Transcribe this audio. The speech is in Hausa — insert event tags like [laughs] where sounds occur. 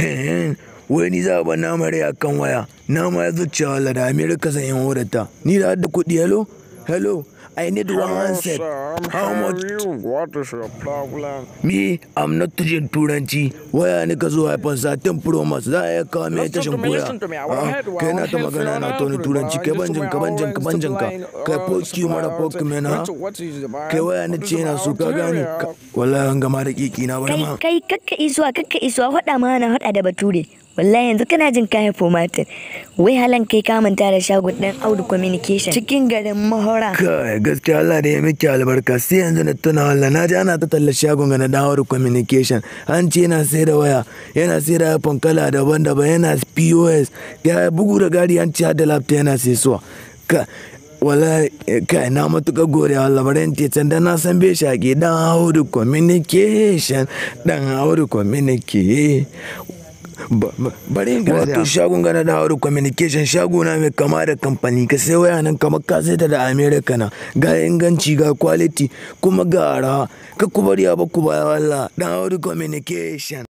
[laughs] wai ni za a na nama akan waya nama ya zuciya wala da amerika zan yi horata ni da hada kuɗi hello hello I need one Hello, answer. Sir, How much? What is your problem? Me, I'm not turanci. Ah, uh, waya ne ka zo haifan satin pro a a kawo mai tashin koya. Kai na magana na toni turanci kai banjin ka banjin ka banjin ka. Kai poki mara poki a na. Kai waya ce na su ka da kiki na bari ma. Kai kakka isuwa kakka isuwa hada ma na hada da bature. wallahi yanzu kana jin kayan fomatin wai halan kai ka manta da shagon dan audu communication cikin garin mahora kai gaskiya Allah da ya miki albarka sai yanzu na tuna walla na ji ana ta talla shagon ga na dawar communication an ce yana sai da waya yana sai da iPhone kala daban-daban yana POS ya bugu da gari an ce da laptop yana sai suwa wala eh, kai na matuƙa gore Allah barin ce can na san bai shaƙi dan hauri communication dan hauru communication bari in wato shagon gana na hauru communication shago na mai kama da kamfani ka sai waya nan kamar ka sai ta da america na ga inganci ga quality kuma ga arha ka ku bari ba ku baya walla dan hauru communication